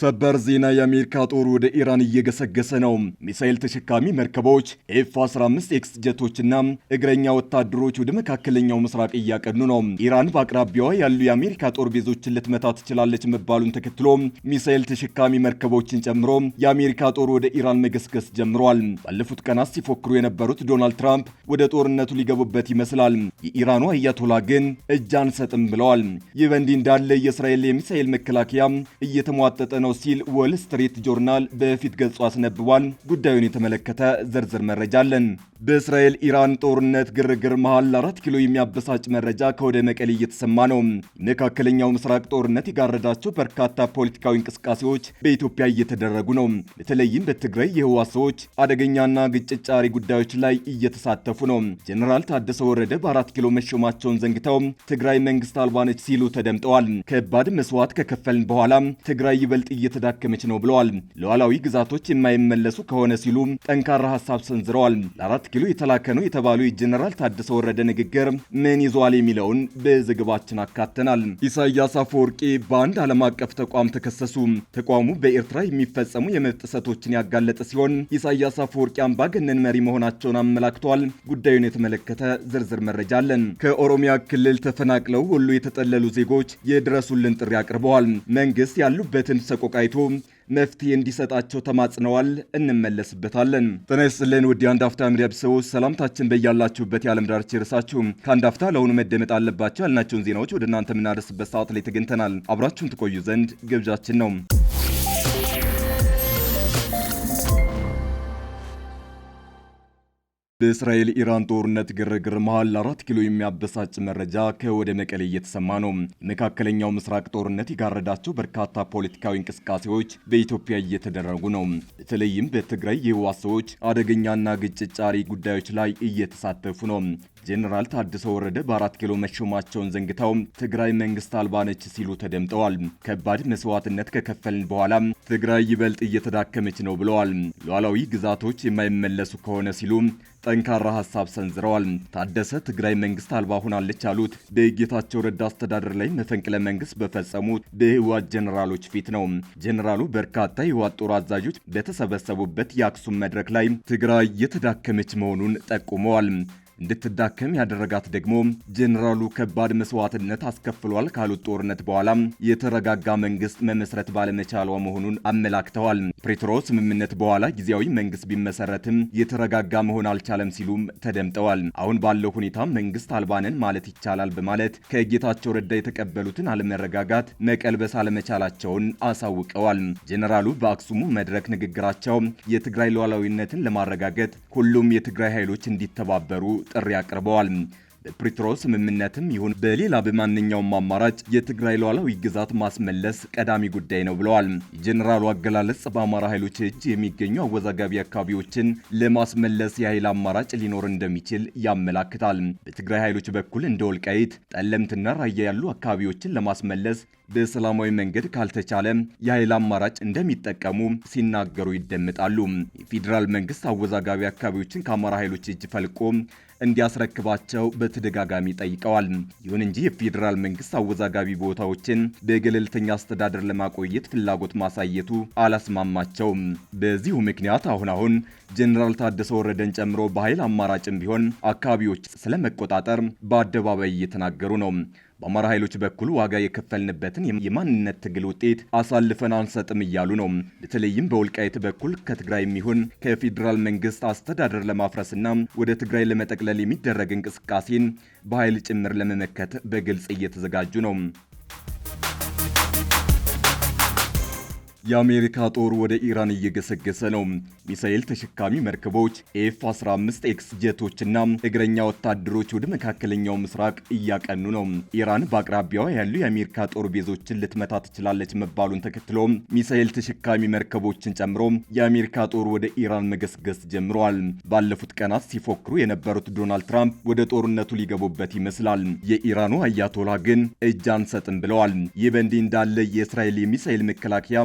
ሰበር ዜና የአሜሪካ ጦር ወደ ኢራን እየገሰገሰ ነው። ሚሳኤል ተሸካሚ መርከቦች፣ ኤፍ 15 ኤክስ ጀቶችና እግረኛ ወታደሮች ወደ መካከለኛው ምስራቅ እያቀኑ ነው። ኢራን በአቅራቢያዋ ያሉ የአሜሪካ ጦር ቤዞችን ልትመታ ትችላለች መባሉን ተከትሎ ሚሳኤል ተሸካሚ መርከቦችን ጨምሮ የአሜሪካ ጦር ወደ ኢራን መገስገስ ጀምሯል። ባለፉት ቀናት ሲፎክሩ የነበሩት ዶናልድ ትራምፕ ወደ ጦርነቱ ሊገቡበት ይመስላል። የኢራኑ አያቶላ ግን እጅ አንሰጥም ብለዋል። ይህ በእንዲህ እንዳለ የእስራኤል የሚሳኤል መከላከያ እየተሟጠጠ ነው ነው ሲል ወል ስትሪት ጆርናል በፊት ገጹ አስነብቧል። ጉዳዩን የተመለከተ ዝርዝር መረጃ አለን። በእስራኤል ኢራን ጦርነት ግርግር መሃል አራት ኪሎ የሚያበሳጭ መረጃ ከወደ መቀሌ እየተሰማ ነው። መካከለኛው ምስራቅ ጦርነት የጋረዳቸው በርካታ ፖለቲካዊ እንቅስቃሴዎች በኢትዮጵያ እየተደረጉ ነው። በተለይም በትግራይ የህዋ ሰዎች አደገኛና ግጭት ጫሪ ጉዳዮች ላይ እየተሳተፉ ነው። ጀኔራል ታደሰ ወረደ በአራት ኪሎ መሾማቸውን ዘንግተው ትግራይ መንግስት አልባነች ሲሉ ተደምጠዋል። ከባድ መስዋዕት ከከፈልን በኋላ ትግራይ ይበልጥ እየተዳከመች ነው ብለዋል። ሉዓላዊ ግዛቶች የማይመለሱ ከሆነ ሲሉ ጠንካራ ሀሳብ ሰንዝረዋል። ለአራት ኪሎ የተላከ ነው የተባለው የጀኔራል ታደሰ ወረደ ንግግር ምን ይዟል የሚለውን በዘገባችን አካተናል። ኢሳያስ አፈወርቂ በአንድ ዓለም አቀፍ ተቋም ተከሰሱ። ተቋሙ በኤርትራ የሚፈጸሙ የመብት ጥሰቶችን ያጋለጠ ሲሆን ኢሳያስ አፈወርቂ አምባገነን መሪ መሆናቸውን አመላክተዋል። ጉዳዩን የተመለከተ ዝርዝር መረጃ አለን። ከኦሮሚያ ክልል ተፈናቅለው ወሎ የተጠለሉ ዜጎች የድረሱልን ጥሪ አቅርበዋል። መንግስት ያሉበትን ሰቆ ተወያይቶ መፍትሄ እንዲሰጣቸው ተማጽነዋል። እንመለስበታለን። ጤና ይስጥልን ውድ የአንድ አፍታ ሚዲያ ቤተሰቦች ሰላምታችን በያላችሁበት የዓለም ዳርቻ ይድረሳችሁ። ከአንድ አፍታ ለአሁኑ መደመጥ አለባቸው ያልናቸውን ዜናዎች ወደ እናንተ የምናደርስበት ሰዓት ላይ ተገኝተናል። አብራችሁን ትቆዩ ዘንድ ግብዣችን ነው። በእስራኤል ኢራን ጦርነት ግርግር መሃል አራት ኪሎ የሚያበሳጭ መረጃ ከወደ መቀሌ እየተሰማ ነው። የመካከለኛው ምስራቅ ጦርነት የጋረዳቸው በርካታ ፖለቲካዊ እንቅስቃሴዎች በኢትዮጵያ እየተደረጉ ነው። በተለይም በትግራይ የህዋ ሰዎች አደገኛና ግጭት ጫሪ ጉዳዮች ላይ እየተሳተፉ ነው። ጄኔራል ታደሰ ወረደ በአራት ኪሎ መሾማቸውን ዘንግተው ትግራይ መንግስት አልባ ነች ሲሉ ተደምጠዋል። ከባድ መስዋዕትነት ከከፈልን በኋላ ትግራይ ይበልጥ እየተዳከመች ነው ብለዋል። ሉዓላዊ ግዛቶች የማይመለሱ ከሆነ ሲሉ ጠንካራ ሀሳብ ሰንዝረዋል። ታደሰ ትግራይ መንግስት አልባ ሆናለች ያሉት በጌታቸው ረዳ አስተዳደር ላይ መፈንቅለ መንግስት በፈጸሙት በህወሓት ጀኔራሎች ፊት ነው። ጀኔራሉ በርካታ የህወሓት ጦር አዛዦች በተሰበሰቡበት የአክሱም መድረክ ላይ ትግራይ እየተዳከመች መሆኑን ጠቁመዋል። እንድትዳከም ያደረጋት ደግሞ ጄኔራሉ ከባድ መስዋዕትነት አስከፍሏል ካሉት ጦርነት በኋላ የተረጋጋ መንግስት መመስረት ባለመቻሏ መሆኑን አመላክተዋል። ፕሪቶሪያ ስምምነት በኋላ ጊዜያዊ መንግስት ቢመሰረትም የተረጋጋ መሆን አልቻለም ሲሉም ተደምጠዋል። አሁን ባለው ሁኔታ መንግስት አልባነን ማለት ይቻላል በማለት ከጌታቸው ረዳ የተቀበሉትን አለመረጋጋት መቀልበስ አለመቻላቸውን አሳውቀዋል። ጄኔራሉ በአክሱሙ መድረክ ንግግራቸው የትግራይ ሉዓላዊነትን ለማረጋገጥ ሁሉም የትግራይ ኃይሎች እንዲተባበሩ ጥሪ አቅርበዋል። በፕሪቶሪያው ስምምነትም ይሁን በሌላ በማንኛውም አማራጭ የትግራይ ሉዓላዊ ግዛት ማስመለስ ቀዳሚ ጉዳይ ነው ብለዋል። የጀኔራሉ አገላለጽ በአማራ ኃይሎች እጅ የሚገኙ አወዛጋቢ አካባቢዎችን ለማስመለስ የኃይል አማራጭ ሊኖር እንደሚችል ያመላክታል። በትግራይ ኃይሎች በኩል እንደ ወልቃይት፣ ጠለምትና ራያ ያሉ አካባቢዎችን ለማስመለስ በሰላማዊ መንገድ ካልተቻለ የኃይል አማራጭ እንደሚጠቀሙ ሲናገሩ ይደምጣሉ የፌዴራል መንግስት አወዛጋቢ አካባቢዎችን ከአማራ ኃይሎች እጅ ፈልቆ እንዲያስረክባቸው በተደጋጋሚ ጠይቀዋል። ይሁን እንጂ የፌዴራል መንግስት አወዛጋቢ ቦታዎችን በገለልተኛ አስተዳደር ለማቆየት ፍላጎት ማሳየቱ አላስማማቸውም። በዚሁ ምክንያት አሁን አሁን ጀኔራል ታደሰ ወረደን ጨምሮ በኃይል አማራጭም ቢሆን አካባቢዎች ስለመቆጣጠር በአደባባይ እየተናገሩ ነው። በአማራ ኃይሎች በኩል ዋጋ የከፈልንበትን የማንነት ትግል ውጤት አሳልፈን አንሰጥም እያሉ ነው። በተለይም በወልቃይት በኩል ከትግራይ የሚሆን ከፌዴራል መንግስት አስተዳደር ለማፍረስና ወደ ትግራይ ለመጠቅለል የሚደረግ እንቅስቃሴን በኃይል ጭምር ለመመከት በግልጽ እየተዘጋጁ ነው። የአሜሪካ ጦር ወደ ኢራን እየገሰገሰ ነው። ሚሳኤል ተሸካሚ መርከቦች፣ ኤፍ 15 ኤክስ ጀቶችና እግረኛ ወታደሮች ወደ መካከለኛው ምስራቅ እያቀኑ ነው። ኢራን በአቅራቢያዋ ያሉ የአሜሪካ ጦር ቤዞችን ልትመታ ትችላለች መባሉን ተከትሎ ሚሳኤል ተሸካሚ መርከቦችን ጨምሮ የአሜሪካ ጦር ወደ ኢራን መገስገስ ጀምረዋል። ባለፉት ቀናት ሲፎክሩ የነበሩት ዶናልድ ትራምፕ ወደ ጦርነቱ ሊገቡበት ይመስላል። የኢራኑ አያቶላ ግን እጅ አንሰጥም ብለዋል። ይህ በእንዲህ እንዳለ የእስራኤል የሚሳኤል መከላከያ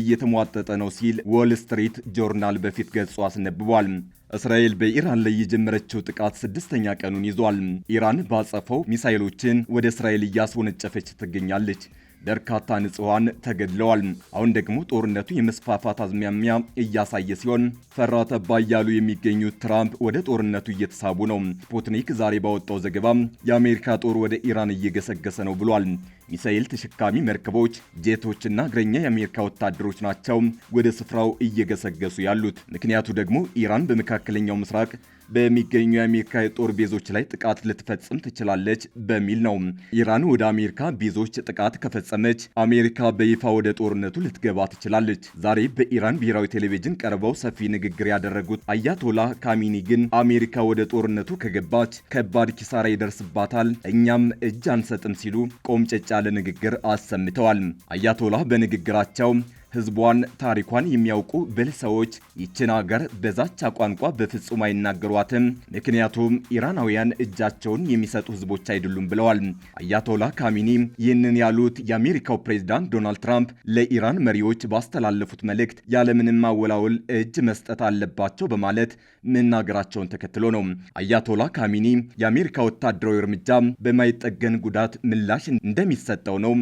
እየተሟጠጠ ነው ሲል ዎል ስትሪት ጆርናል በፊት ገጹ አስነብቧል። እስራኤል በኢራን ላይ የጀመረችው ጥቃት ስድስተኛ ቀኑን ይዟል። ኢራን ባጸፈው ሚሳይሎችን ወደ እስራኤል እያስወነጨፈች ትገኛለች። በርካታ ንጹሐን ተገድለዋል። አሁን ደግሞ ጦርነቱ የመስፋፋት አዝማሚያ እያሳየ ሲሆን ፈራ ተባ እያሉ የሚገኙት ትራምፕ ወደ ጦርነቱ እየተሳቡ ነው። ስፑትኒክ ዛሬ ባወጣው ዘገባ የአሜሪካ ጦር ወደ ኢራን እየገሰገሰ ነው ብሏል። ሚሳኤል ተሸካሚ መርከቦች፣ ጄቶችና እግረኛ የአሜሪካ ወታደሮች ናቸው ወደ ስፍራው እየገሰገሱ ያሉት። ምክንያቱ ደግሞ ኢራን በመካከለኛው ምስራቅ በሚገኙ የአሜሪካ የጦር ቤዞች ላይ ጥቃት ልትፈጽም ትችላለች በሚል ነው። ኢራን ወደ አሜሪካ ቤዞች ጥቃት ከፈጸመች አሜሪካ በይፋ ወደ ጦርነቱ ልትገባ ትችላለች። ዛሬ በኢራን ብሔራዊ ቴሌቪዥን ቀርበው ሰፊ ንግግር ያደረጉት አያቶላ ካሚኒ ግን አሜሪካ ወደ ጦርነቱ ከገባች ከባድ ኪሳራ ይደርስባታል፣ እኛም እጅ አንሰጥም ሲሉ ቆምጨጫ ያለ ንግግር አሰምተዋል። አያቶላህ በንግግራቸው ህዝቧን፣ ታሪኳን የሚያውቁ ብልህ ሰዎች ይችን አገር በዛቻ ቋንቋ በፍጹም አይናገሯትም፣ ምክንያቱም ኢራናውያን እጃቸውን የሚሰጡ ህዝቦች አይደሉም ብለዋል። አያቶላ ካሚኒ ይህንን ያሉት የአሜሪካው ፕሬዚዳንት ዶናልድ ትራምፕ ለኢራን መሪዎች ባስተላለፉት መልእክት ያለምንም ማወላወል እጅ መስጠት አለባቸው በማለት መናገራቸውን ተከትሎ ነው። አያቶላ ካሚኒ የአሜሪካ ወታደራዊ እርምጃ በማይጠገን ጉዳት ምላሽ እንደሚሰጠው ነው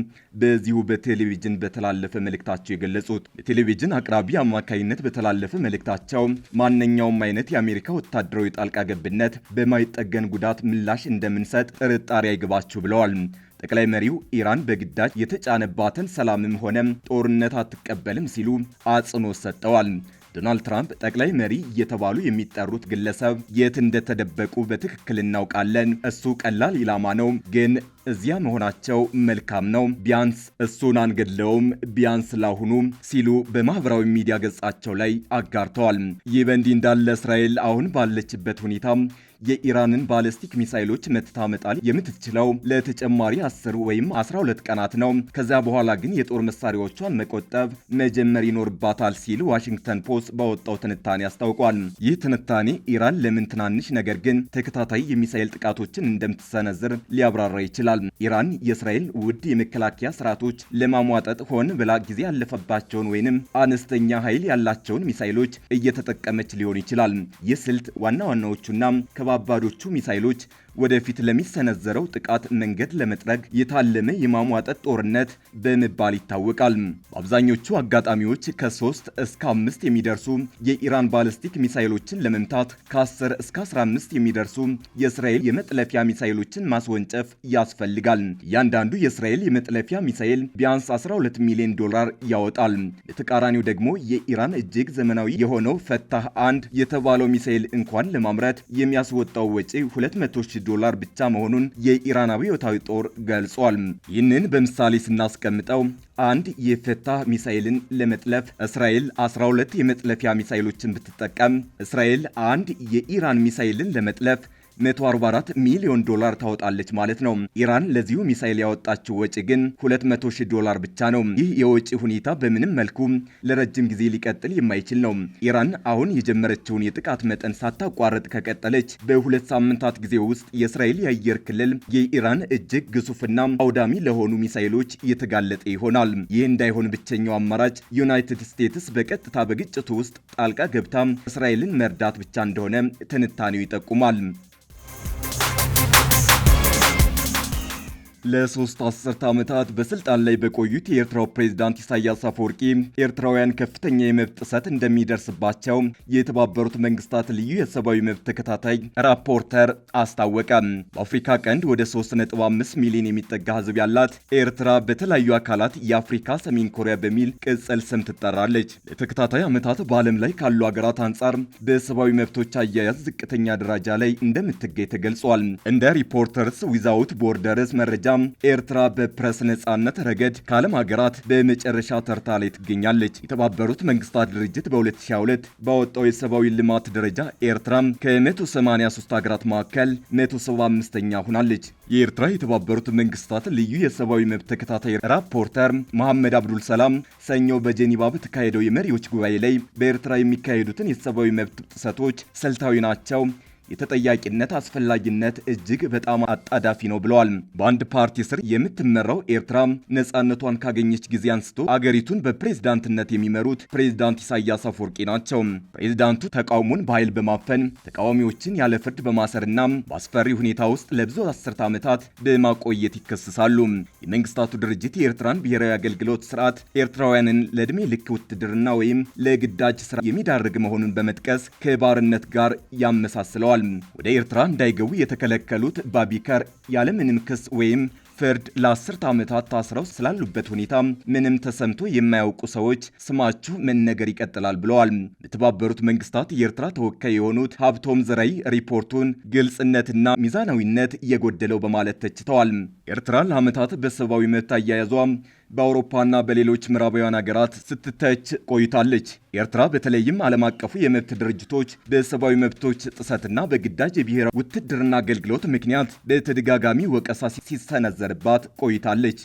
በዚሁ በቴሌቪዥን በተላለፈ መልእክታቸው የገለጹ የገለጹት የቴሌቪዥን አቅራቢ አማካይነት በተላለፈ መልእክታቸው ማንኛውም አይነት የአሜሪካ ወታደራዊ ጣልቃ ገብነት በማይጠገን ጉዳት ምላሽ እንደምንሰጥ ጥርጣሬ አይግባችሁ ብለዋል። ጠቅላይ መሪው ኢራን በግዳጅ የተጫነባትን ሰላምም ሆነ ጦርነት አትቀበልም ሲሉ አጽንኦት ሰጠዋል። ዶናልድ ትራምፕ ጠቅላይ መሪ እየተባሉ የሚጠሩት ግለሰብ የት እንደተደበቁ በትክክል እናውቃለን። እሱ ቀላል ኢላማ ነው፣ ግን እዚያ መሆናቸው መልካም ነው። ቢያንስ እሱን አንገድለውም፣ ቢያንስ ላሁኑ ሲሉ በማህበራዊ ሚዲያ ገጻቸው ላይ አጋርተዋል። ይህ በእንዲህ እንዳለ እስራኤል አሁን ባለችበት ሁኔታ የኢራንን ባለስቲክ ሚሳይሎች መትታ መጣል የምትችለው ለተጨማሪ 10 ወይም 12 ቀናት ነው። ከዚያ በኋላ ግን የጦር መሳሪያዎቿን መቆጠብ መጀመር ይኖርባታል ሲል ዋሽንግተን ፖስት ባወጣው ትንታኔ አስታውቋል። ይህ ትንታኔ ኢራን ለምን ትናንሽ ነገር ግን ተከታታይ የሚሳይል ጥቃቶችን እንደምትሰነዝር ሊያብራራ ይችላል። ኢራን የእስራኤል ውድ የመከላከያ ስርዓቶች ለማሟጠጥ ሆን ብላ ጊዜ ያለፈባቸውን ወይንም አነስተኛ ኃይል ያላቸውን ሚሳይሎች እየተጠቀመች ሊሆን ይችላል። ይህ ስልት ዋና ዋናዎቹና ከባባዶቹ ሚሳይሎች ወደፊት ለሚሰነዘረው ጥቃት መንገድ ለመጥረግ የታለመ የማሟጠጥ ጦርነት በመባል ይታወቃል። በአብዛኞቹ አጋጣሚዎች ከ3 እስከ 5 የሚደርሱ የኢራን ባለስቲክ ሚሳይሎችን ለመምታት ከ10 እስከ 15 የሚደርሱ የእስራኤል የመጥለፊያ ሚሳይሎችን ማስወንጨፍ ያስፈልጋል። እያንዳንዱ የእስራኤል የመጥለፊያ ሚሳይል ቢያንስ 12 ሚሊዮን ዶላር ያወጣል። በተቃራኒው ደግሞ የኢራን እጅግ ዘመናዊ የሆነው ፈታህ አንድ የተባለው ሚሳይል እንኳን ለማምረት የሚያስ ወጣው ወጪ 200,000 ዶላር ብቻ መሆኑን የኢራን አብዮታዊ ጦር ገልጿል። ይህንን በምሳሌ ስናስቀምጠው አንድ የፈታህ ሚሳኤልን ለመጥለፍ እስራኤል 12 የመጥለፊያ ሚሳኤሎችን ብትጠቀም እስራኤል አንድ የኢራን ሚሳኤልን ለመጥለፍ 144 ሚሊዮን ዶላር ታወጣለች ማለት ነው። ኢራን ለዚሁ ሚሳኤል ያወጣችው ወጪ ግን 200 ሺህ ዶላር ብቻ ነው። ይህ የወጪ ሁኔታ በምንም መልኩ ለረጅም ጊዜ ሊቀጥል የማይችል ነው። ኢራን አሁን የጀመረችውን የጥቃት መጠን ሳታቋርጥ ከቀጠለች በሁለት ሳምንታት ጊዜ ውስጥ የእስራኤል የአየር ክልል የኢራን እጅግ ግዙፍና አውዳሚ ለሆኑ ሚሳኤሎች እየተጋለጠ ይሆናል። ይህ እንዳይሆን ብቸኛው አማራጭ ዩናይትድ ስቴትስ በቀጥታ በግጭቱ ውስጥ ጣልቃ ገብታ እስራኤልን መርዳት ብቻ እንደሆነ ትንታኔው ይጠቁማል። ለሶስት አስርተ ዓመታት በስልጣን ላይ በቆዩት የኤርትራው ፕሬዚዳንት ኢሳያስ አፈወርቂ ኤርትራውያን ከፍተኛ የመብት ጥሰት እንደሚደርስባቸው የተባበሩት መንግስታት ልዩ የሰብአዊ መብት ተከታታይ ራፖርተር አስታወቀ። በአፍሪካ ቀንድ ወደ 3.5 ሚሊዮን የሚጠጋ ሕዝብ ያላት ኤርትራ በተለያዩ አካላት የአፍሪካ ሰሜን ኮሪያ በሚል ቅጽል ስም ትጠራለች። ለተከታታይ ዓመታት በዓለም ላይ ካሉ ሀገራት አንጻር በሰብአዊ መብቶች አያያዝ ዝቅተኛ ደረጃ ላይ እንደምትገኝ ተገልጿል። እንደ ሪፖርተርስ ዊዛውት ቦርደርስ መረጃ ኤርትራ በፕረስ ነጻነት ረገድ ከዓለም ሀገራት በመጨረሻ ተርታ ላይ ትገኛለች። የተባበሩት መንግስታት ድርጅት በ2022 ባወጣው የሰብአዊ ልማት ደረጃ ኤርትራም ከ183 ሀገራት መካከል 175ኛ ሆናለች። የኤርትራ የተባበሩት መንግስታት ልዩ የሰብአዊ መብት ተከታታይ ራፖርተር መሐመድ አብዱል ሰላም ሰኞ በጄኒቫ በተካሄደው የመሪዎች ጉባኤ ላይ በኤርትራ የሚካሄዱትን የሰብአዊ መብት ጥሰቶች ስልታዊ ናቸው የተጠያቂነት አስፈላጊነት እጅግ በጣም አጣዳፊ ነው ብለዋል። በአንድ ፓርቲ ስር የምትመራው ኤርትራ ነጻነቷን ካገኘች ጊዜ አንስቶ አገሪቱን በፕሬዝዳንትነት የሚመሩት ፕሬዝዳንት ኢሳያስ አፈወርቂ ናቸው። ፕሬዝዳንቱ ተቃውሞን በኃይል በማፈን ተቃዋሚዎችን ያለ ፍርድ በማሰርና በአስፈሪ ሁኔታ ውስጥ ለብዙ አስርተ ዓመታት በማቆየት ይከሰሳሉ። የመንግስታቱ ድርጅት የኤርትራን ብሔራዊ አገልግሎት ስርዓት ኤርትራውያንን ለዕድሜ ልክ ውትድርና ወይም ለግዳጅ ስራ የሚዳርግ መሆኑን በመጥቀስ ከባርነት ጋር ያመሳስለዋል። ተናግረዋል። ወደ ኤርትራ እንዳይገቡ የተከለከሉት ባቢከር ያለምንም ክስ ወይም ፍርድ ለአስርተ ዓመታት ታስረው ስላሉበት ሁኔታ ምንም ተሰምቶ የማያውቁ ሰዎች ስማችሁ መነገር ይቀጥላል ብለዋል። በተባበሩት መንግስታት የኤርትራ ተወካይ የሆኑት ሀብቶም ዘራይ ሪፖርቱን ግልጽነትና ሚዛናዊነት የጎደለው በማለት ተችተዋል። ኤርትራ ለዓመታት በሰብአዊ መብት አያያዟ በአውሮፓና በሌሎች ምዕራባውያን ሀገራት ስትተች ቆይታለች። ኤርትራ በተለይም ዓለም አቀፉ የመብት ድርጅቶች በሰብአዊ መብቶች ጥሰትና በግዳጅ የብሔራዊ ውትድርና አገልግሎት ምክንያት በተደጋጋሚ ወቀሳ ሲሰነዘርባት ቆይታለች።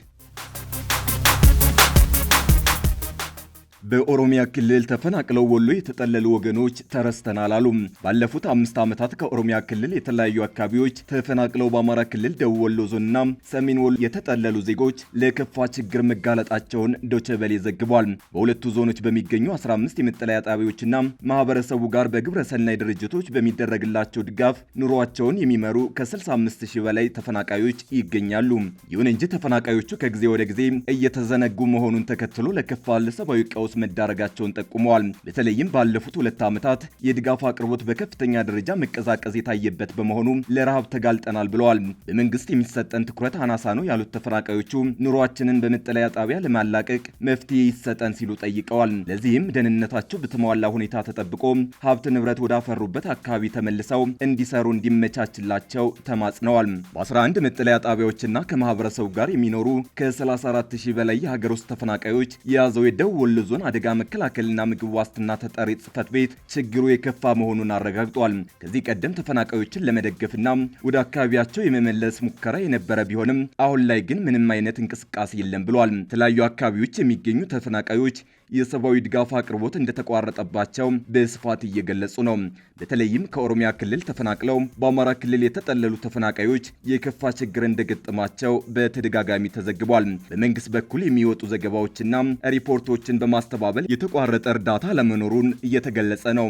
በኦሮሚያ ክልል ተፈናቅለው ወሎ የተጠለሉ ወገኖች ተረስተናል አሉ። ባለፉት አምስት ዓመታት ከኦሮሚያ ክልል የተለያዩ አካባቢዎች ተፈናቅለው በአማራ ክልል ደቡብ ወሎ ዞንና ሰሜን ወሎ የተጠለሉ ዜጎች ለከፋ ችግር መጋለጣቸውን ዶቸበሌ ዘግቧል። በሁለቱ ዞኖች በሚገኙ 15 የመጠለያ ጣቢያዎችና ማህበረሰቡ ጋር በግብረሰናይ ድርጅቶች በሚደረግላቸው ድጋፍ ኑሯቸውን የሚመሩ ከ65 ሺህ በላይ ተፈናቃዮች ይገኛሉ። ይሁን እንጂ ተፈናቃዮቹ ከጊዜ ወደ ጊዜ እየተዘነጉ መሆኑን ተከትሎ ለከፋ ለሰብአዊ ቀውስ ቀውስ መዳረጋቸውን ጠቁመዋል። በተለይም ባለፉት ሁለት ዓመታት የድጋፍ አቅርቦት በከፍተኛ ደረጃ መቀዛቀዝ የታየበት በመሆኑ ለረሃብ ተጋልጠናል ብለዋል። በመንግስት የሚሰጠን ትኩረት አናሳ ነው ያሉት ተፈናቃዮቹ ኑሯችንን በመጠለያ ጣቢያ ለማላቀቅ መፍትሄ ይሰጠን ሲሉ ጠይቀዋል። ለዚህም ደህንነታቸው በተሟላ ሁኔታ ተጠብቆ ሀብት ንብረት ወዳፈሩበት አካባቢ ተመልሰው እንዲሰሩ እንዲመቻችላቸው ተማጽነዋል። በ11 መጠለያ ጣቢያዎችና ከማህበረሰቡ ጋር የሚኖሩ ከ34000 በላይ የሀገር ውስጥ ተፈናቃዮች የያዘው የደቡብ ወሎ ዞን የዞን አደጋ መከላከልና ምግብ ዋስትና ተጠሪ ጽህፈት ቤት ችግሩ የከፋ መሆኑን አረጋግጧል። ከዚህ ቀደም ተፈናቃዮችን ለመደገፍና ወደ አካባቢያቸው የመመለስ ሙከራ የነበረ ቢሆንም አሁን ላይ ግን ምንም አይነት እንቅስቃሴ የለም ብሏል። የተለያዩ አካባቢዎች የሚገኙ ተፈናቃዮች የሰብአዊ ድጋፍ አቅርቦት እንደተቋረጠባቸው በስፋት እየገለጹ ነው። በተለይም ከኦሮሚያ ክልል ተፈናቅለው በአማራ ክልል የተጠለሉ ተፈናቃዮች የከፋ ችግር እንደገጠማቸው በተደጋጋሚ ተዘግቧል። በመንግስት በኩል የሚወጡ ዘገባዎችና ሪፖርቶችን በማስተባበል የተቋረጠ እርዳታ ለመኖሩን እየተገለጸ ነው።